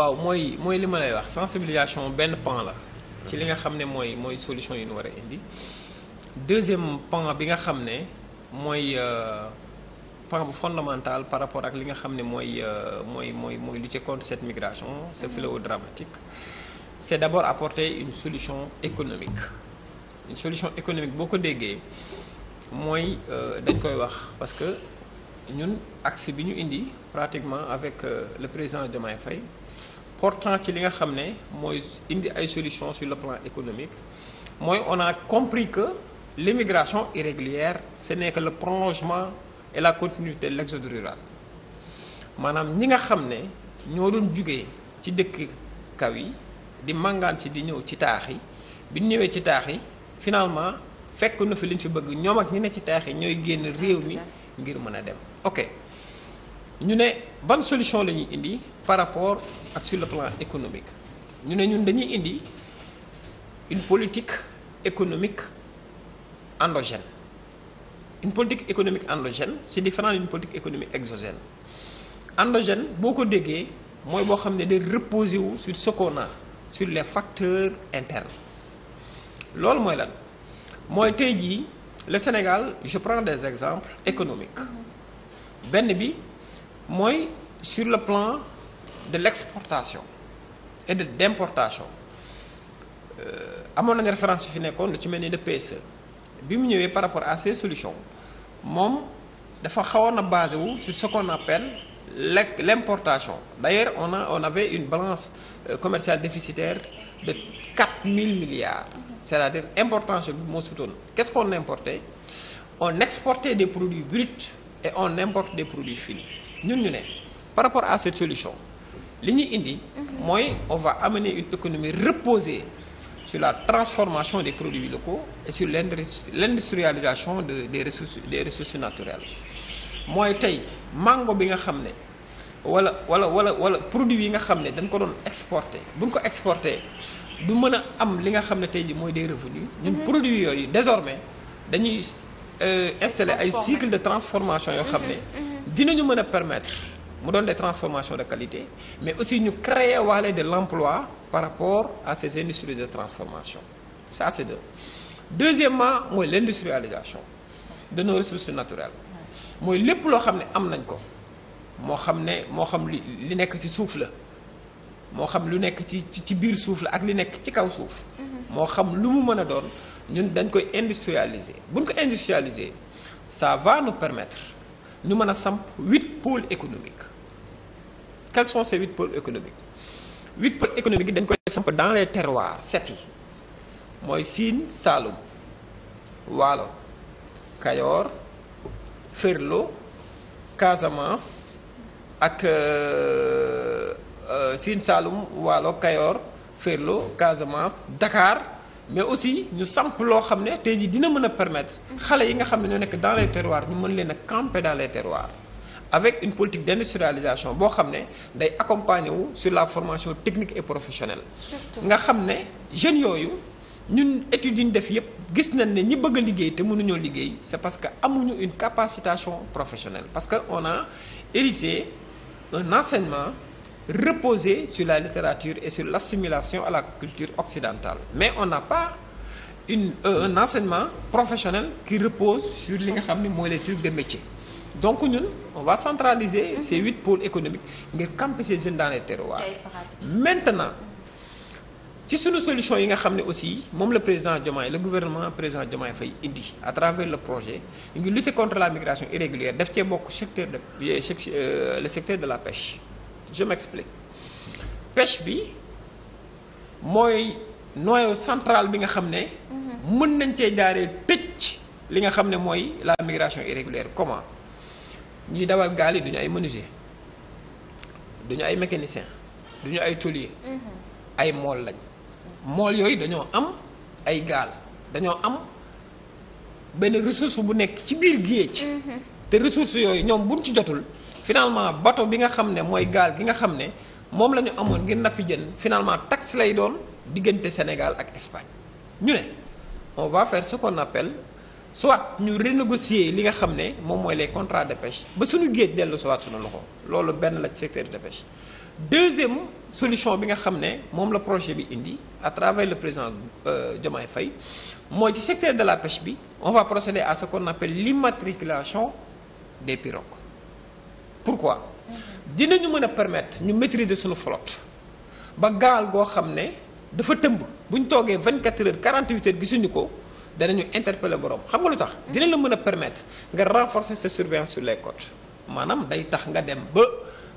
waaw mooy mooy li ma wax sensibilisation benn pan la. ci li nga xam ne mooy mooy solution yu ñu war a indi. deuxième pan bi nga xam ne mooy euh, pan bu fondamental par rapport ak li nga xam ne mooy euh, mooy mooy mooy lutter contre cette migration ce mm-hmm. fléau dramatique. c'est d'abord apporter une solution économique une solution économique boo ko déggee mooy euh, dañ koy wax parce que ñun axe bi ñu indi pratiquement avec le président Diomaye fay portant ci li nga xam ne mooy indi ay solutions sur le plan économique mooy on a compris que l'immigration irrégulière ce n'est que le prolongement et la continuité de rural maanaam ñi nga xam ne ñoo doon jugee ci dëkk kaw yi di màngaan ci di ñëw ci taax yi bi ñëwee ci taax yi finalement fekk na fi liñ fi bëgg ñoom ak ñi ne ci taax yi ñooy génn réew mi ngir mën a dem ok ñu ne ban solution la ñuy indi par rapport ak sur le plan économique ñu ne ñun dañuy indi une politique économique endogène une politique économique endogène c'est différent d'une politique économique exogène endogène boo ko déggee mooy boo xam ne day reposer wu sur ce sur les facteurs internes loolu mooy lan mooy tey jii le Sénégal je prends des exemples économiques mm-hmm. benn bi mooy sur le plan de l'exportation et de d'importation euh, amoon nañu référence yu fi nekkoon lu ci mel ni de PSE bi mu ñëwee par rapport à ces solutions moom dafa xawoon a basé wu sur ce qu'on appelle l'importation d'ailleurs on a on avait une balance euh, commerciale déficitaire de 4000 milliards c'est-à-dire importation bi moo sutoon qu'est-ce qu'on importait on exportait des produits bruts et on importe des produits finis ñun ñu ne par rapport à cette solution li ñuy indi mooy on va amener une économie reposée sur la transformation des produits locaux ko su l'industrialisation de des ressources des ressources naturelles mooy tey mango bi nga xam ne wala wala wala wala produit yi nga xam ne dañ ko doon exporté bu ñu ko exporté du mën a am li nga xam ne tey ji mooy des revenus ñun mhm. produits yooyu désormais dañuy euh, installer ay cycle de transformation yoo xam ne mhm. dinañu mën a permettre mu doon des transformation de qualité mais aussi ñu créer waale de l'emploi par rapport a ces industries de transformation ça c'est deux deuxièmement mooy l'industrialisation de nos ressources mooy lépp loo xam ne am nañ ko moo xam ne moo xam li li nekk ci suuf la moo xam lu nekk ci ci biir suuf la ak li nekk ci kaw suuf mm-hmm. moo xam lu mu mën a doon ñun dañ koy bu buñ ko industrialiser ça va nous permettre ñu mën a samp huit pôles économiques quels sont ces huit pôles économique huit pôles économiques yi dañ koy samp dans les terroirs set mooy siin Saloum Waalo Kayoor Ferlo Casamance ak euh, euh, Sine Saloum Waalo Kayoor Ferlo Casamance Dakar mais aussi ñu samp loo xam ne tey jii dina mën a permettre xale yi nga xam ne ñoo nekk dans les terroirs ñu mën leen a camper dans les terroirs avec une politique d'industrialisation boo xam ne day accompagner wu sur la formation technique et professionnelle. nga xam ne jeunes yooyu ñun études yi ñu def yépp gis nañ ne ñi bëgg a liggéey te mënuñoo liggéey c'est parce que amuñu une capacitation professionnelle parce que on a hérité un enseignement. reposer sur la littérature et sur l'assimilation à la culture occidentale mais on n'a pas une euh, un enseignement professionnel qui repose sur li nga xam ni mooy la trucs de métier donc ñun on va centraliser mhm. ces huit pôles économiques ngir camper ces jeunes dans les terroirs maintenant ci suñu solution yi nga xam ne aussi moom le président Diomaye le gouvernement président Diomaye Faye indi à travers le projet ngi lutter contre la migration irrégulière def cee bokk secteur de euh, euh, le secteur de la pêche je m'explique pêche bi mooy noyau centrale bi nga xam ne. mën nañ cee jaaree tëj li nga xam ne mooy la migration irrégulière comment ñi dawal gaal yi duñu ay menuisier duñu ay mécanicien duñu ay tôlier. Mm-hmm. ay mool lañ. mool yooyu dañoo am ay gaal dañoo am benn ressource bu nekk ci biir géej. Mm-hmm. te ressource yooyu ñoom buñ ci jotul. finalement bateau bi nga xam ne mooy gaal gi nga xam ne moom la ñu amoon ngir nappi jën finalement taxe lay doon diggante Sénégal ak Espagne ñu ne on va faire ce qu'on appelle soit ñu renégocier li nga xam ne moom mooy les contrat de pêche ba suñu géej dellu soit suñu loxo loolu benn la ci secteur de pêche deuxième solution bi nga xam ne moom la projet bi indi à travers le président euh, Diomaye fay mooy ci secteur de la pêche bi on va procéder à ce qu'on appelle l'immatriculation des pirogues pourquoi dinañu mën a permettre ñu maîtriser suñu flotte ba gaal goo xam ne dafa tëmb bu ñu toogee 24 heures 48 heures gisuñu ko danañu interpeller borom xam nga lu tax. Mm-hmm. dina la mën a permettre nga renforcer sa surveillance su les côtes maanaam day tax nga dem ba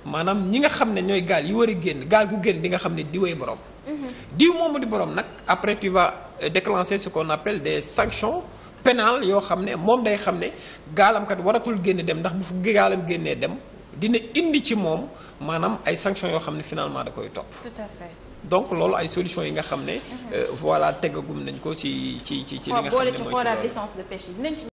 maanaam ñi nga xam ne ñooy gaal yi war a génn gaal gu génn di nga xam ne di way borom. Mm-hmm. diw moomu di borom nag après tu vas euh, déclencher ce qu'on appelle des sanctions. pénal yoo xam ne moom day xam ne gaalam kat waratul dem ndax bu fu gaalam génnee dem dina indi ci moom maanaam ay sanctions yoo xam ne finalement da koy topp. donc loolu ay solution yi nga xam ne. Mhm. Euh, voilà tegagum nañ ko ci ci ci ci li nga xam ne mooy ci loolu.